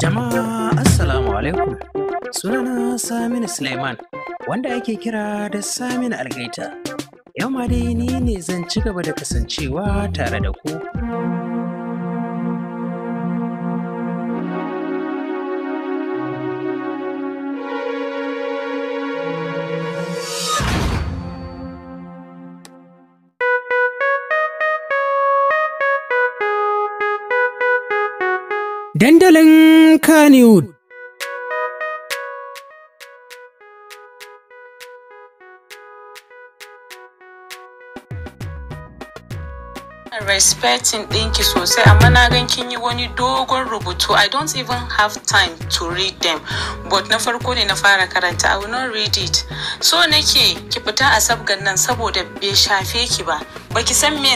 Jama'a Assalamu alaikum. Sunana Saminu Suleiman wanda ake kira da Saminu Algaita. Yau ma dai ni ne zan ci gaba da kasancewa tare da ku. dandalin kaniwood respecting ɗinki sosai amma na gan kin yi wani dogon rubutu i don't even have time to read them but na farko ne na fara karanta i will not read it so nake ki fita a sabgan nan saboda bai shafe ki ba baki san me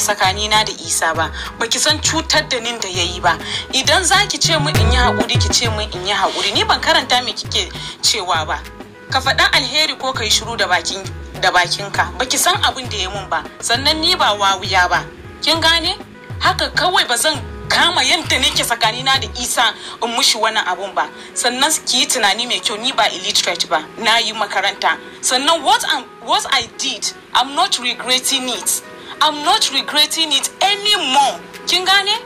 na da isa ba baki san cutar da nin da yayi ba idan zaki ce mu in yi haƙuri ki ce mu in yi haƙuri ni ban karanta me kike cewa ba ka faɗa alheri ko kai shiru da bakin da bakinka baki san abin da ya mun ba sannan ni ba wawuya ba kin gane haka kawai ba zan kama yanta ne ke tsakanina da isa in mushi wani abun ba sannan ki yi tunani mai kyau ni ba illiterate ba na yi makaranta sannan what, i what i did i'm not regretting it i'm not regretting it anymore kin gane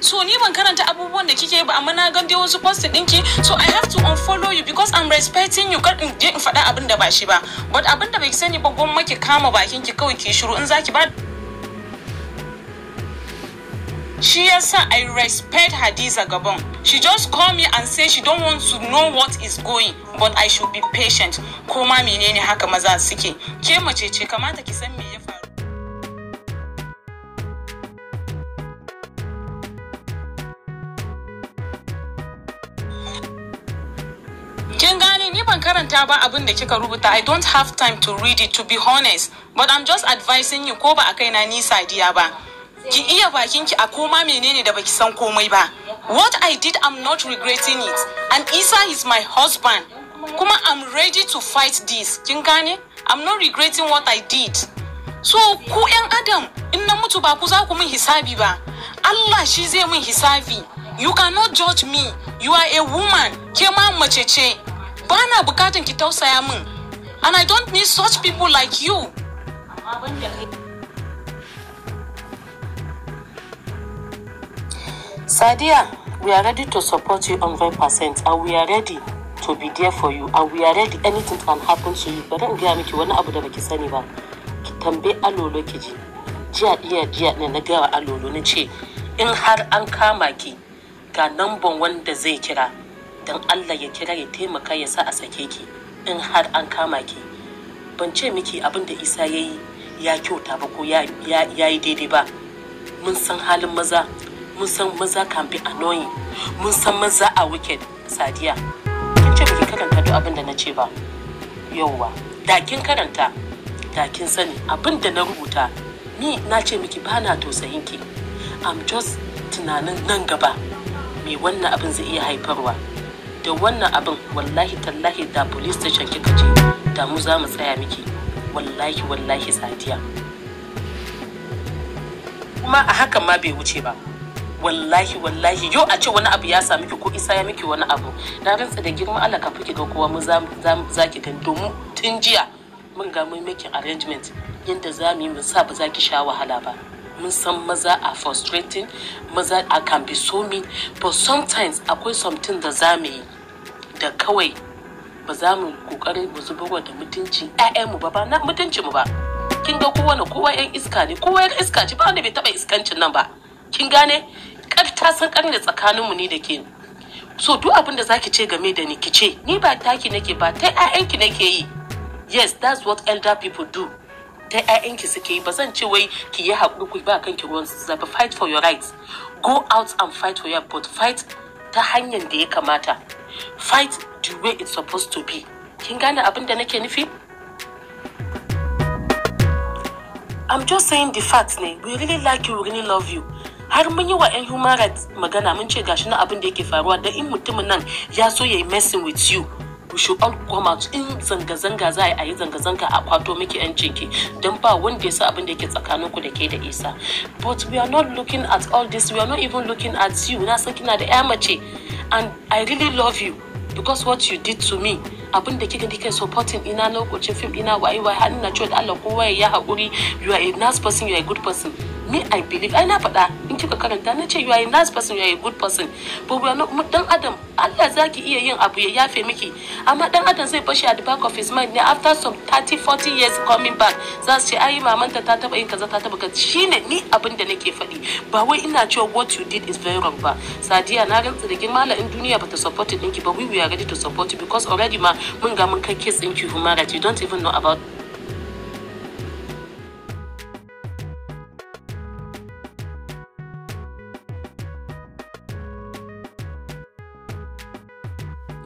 so ni ban karanta abubuwan da kike ba amma na ga dai wasu post dinki so i have to unfollow you because i'm respecting you kar in je in faɗa abin da ba shi ba but abin da bai sani ba gwamma ki kama bakin ki kawai ki shiru in zaki ba She yasa I respect Hadiza Gabon. She just call me and say she don't want to know what is going, but I should be patient. Koma menene haka maza suke. Ke mace ce kamata ki san me ya faru. karanta ba abin da kika rubuta i don't have time to read it to be honest but i'm just advising you ko ba a kaina ni sadiya ba ki iya bakin ki a koma menene da baki san komai ba what i did i'm not regretting it and isa is my husband kuma i'm ready to fight this kin gane i'm not regretting what i did so ku yan adam in na mutu ba ku za ku min hisabi ba allah shi zai min hisabi you cannot judge me you are a woman ke ma mace ce bana bukatun ki tausaya min and i don't need such people like you Sadia, we are ready to support you 100% and we are ready to be there for you and we are ready anything can happen to you bari in gaya miki wani abu da baki sani ba ki tambayi alolo ki ji jiya jiya jiya ne na gaya alolo na ce in har an kama ki ga one wanda zai kira don Allah ya kira ya taimaka ya sa a sake ki in har an kama ki ban ce miki abin da isa ya yi ya kyauta ba ko ya yi daidai ba mun san halin maza mun san maza kan bi annoying mun san maza a wicked sadiya kin ce miki karanta duk abin da na ce ba yauwa da kin karanta da kin sani abin da na rubuta ni na ce miki ba na tausayin ki i'm just tunanin nan gaba me wannan abin zai iya haifarwa da wannan abin wallahi tallahi da police station kika je da mu za mu tsaya miki wallahi wallahi sadiya kuma a hakan ma bai wuce ba wallahi wallahi yau a ce wani abu ya sami ki ko isa ya miki wani abu na rantsa da girma Allah ka ki ga kowa mu za ki gani domin tun jiya mun ga mun making arrangement yadda za mu yi mu sa ba za ki sha wahala ba mun san maza a frustrating maza a can be so mean but sometimes akwai something da za mu yi da kawai ba za mu kokari mu zuba da mutunci mu ba ba na mutunci mu ba kin ga kowane kowa yan iska ne kowa yan iska ce ba wanda bai taba iskancin nan ba kin gane ta san ne tsakanin tsakaninmu ne da ke so duk abin da zaki ce game da ni ki ce ni ba taki nake ba ta ki nake yi yes that's what elder people do ta ƴaƴanki suke yi ba zan ce wai ki yi haƙuri ku ba kanki ruwan zafi fight for your rights go out and fight for your but fight ta hanyar da ya kamata fight the way it's supposed to be kin gane abin da nake nufi I'm just saying the fact ne we really like you we really love you har mun yi wa 'yan human rights magana mun ce gashi na abin da yake faruwa da in mutumin nan ya so ya yi messing with you we should all in zanga-zanga za a yi zanga-zanga a kwato miki ciki don ba wanda ya sa abin da yake ku da ke da isa but we are not looking at all this we are not even looking at you na san kina da ya mace and i really love you because what you did to me abin da kika kike supporting ina lokacin fim ina wayewa har ina cewa da Allah kowa ya haƙuri you are a nice person you are a good person me i believe ai na faɗa in kika karanta na ce you are a nice person you are a good person but we are not dan adam Allah zaki iya yin abu ya yafe miki amma dan adam zai bashi at the back of his mind ne after some 30 40 years coming back za su ce ai mamanta ta taba yin kaza ta taba kaza shine ni abin da nake faɗi ba wai ina cewa what you did is very wrong ba sadiya na rantsa da girma in duniya bata support ɗinki ba we are ready to support you because already ma mun ga mun kai case ɗinki human you don't even know about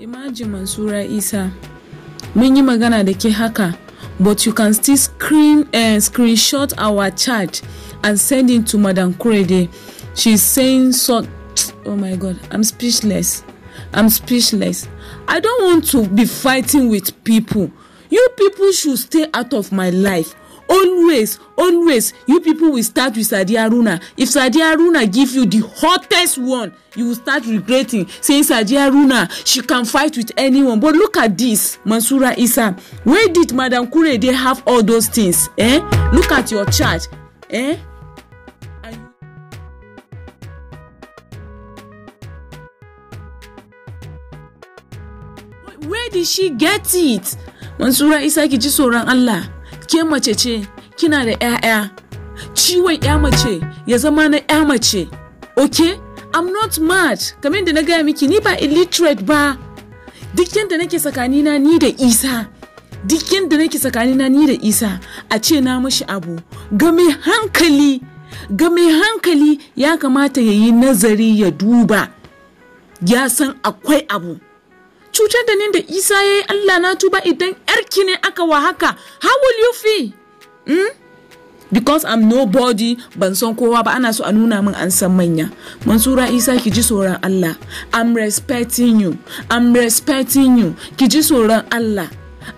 Imagine Mansura Isa, Many magana de ke haka, but you can still screen and uh, eh, screenshot our chat and send it to Madam Kurede. She's saying so. Oh my God, I'm speechless. I'm speechless. I don't want to be fighting with people. You people should stay out of my life. always always you people will start with sadi haruna if sadi haruna give you the hottest one you will start regretting saying sadi haruna she can fight with anyone but look at this mansura isa where did madam kurede have all those things eh look at your chart eh. where did she get it? Mansura Isa ki Allah. ke mace ce kina da 'ya'ya ciwon 'ya mace ya zama na 'ya mace ok i'm not mad kamar yadda na gaya miki ni ba illiterate ba duk yadda nake tsakanina ni da isa duk yadda nake tsakanina ni da isa a ce na mashi abu ga mai hankali ga mai hankali ya kamata ya yi nazari ya duba ya san akwai abu cutar da ni da isa ya yi allah na tuba idan yarki ne aka wa haka how will you feel mm? because i'm nobody ban san kowa ba ana so a nuna min an san manya mansura isa ki ji tsoron allah i'm respecting you i'm respecting you ki ji tsoron allah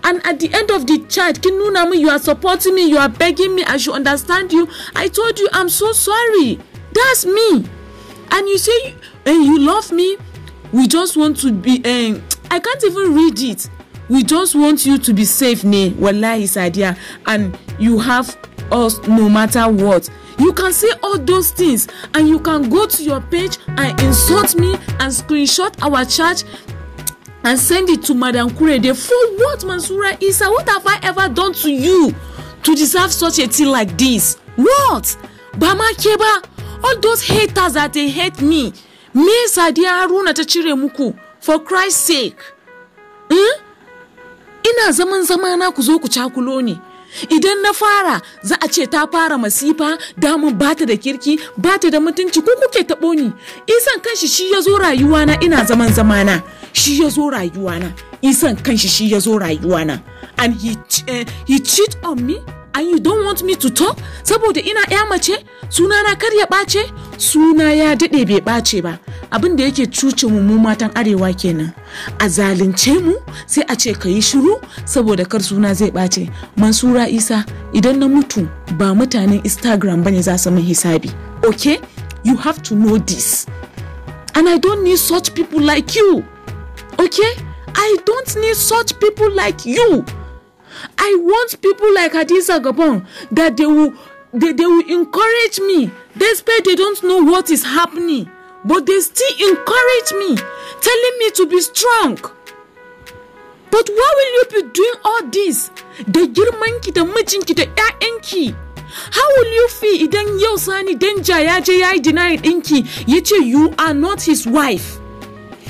and at the end of the chat kin you are supporting me you are begging me i should understand you i told you i'm so sorry that's me and you say and you love me we just want to be um, I can't even read it. We just want you to be safe, ne wallahi Sadia, and you have us no matter what. You can say all those things and you can go to your page and insult me and screenshot our church and send it to Madam Kurede. For what, Mansura Isa? What have I ever done to you to deserve such a thing like this? What? Bama Keba, all those haters that they hate me. Me Sadia Haruna Tachire Muku. for Christ's sake hmm? ina zaman zamana ku zo ku cakulo ne idan na fara za a ce ta fara masifa damun bata da kirki bata da mutunci ku kuke taɓo ni isan kanshi shi ya zo rayuwana ina zaman zamana shi ya zo rayuwana isan kanshi shi ya zo rayuwana and he, uh, he cheat on me and you don't want me to talk saboda ina ya mace suna na kar ya ɓace suna ya daɗe bai ɓace ba abin da yake cuce mu mu matan arewa kenan a zalunce mu sai a ce ka yi shiru saboda kar suna zai ɓace mansura isa idan na mutu ba mutanen instagram bane za su min hisabi okay you have to know this and i don't need such people like you okay i don't need such people like you i want people like hadiza gabon that they will they, they will encourage me despite they don't know what is happening but they still encourage me, telling me to be strong. But why will you be doing all this? Da girmanki da mijinki da 'ya'yanki. How will you feel idan yau sani danja ya je ya yi denial ɗinki ya ce you are not his wife?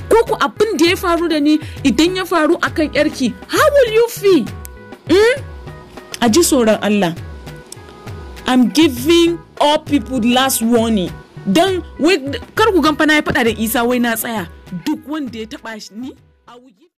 Ko ku abin da ya faru da ni idan ya faru akan yarki, how will you feel? Hmm? A ji tsoron Allah. I'm giving all people last warning. don kar ku gamfa na ya faɗa da isa wai na tsaya duk wanda ya taɓa ni a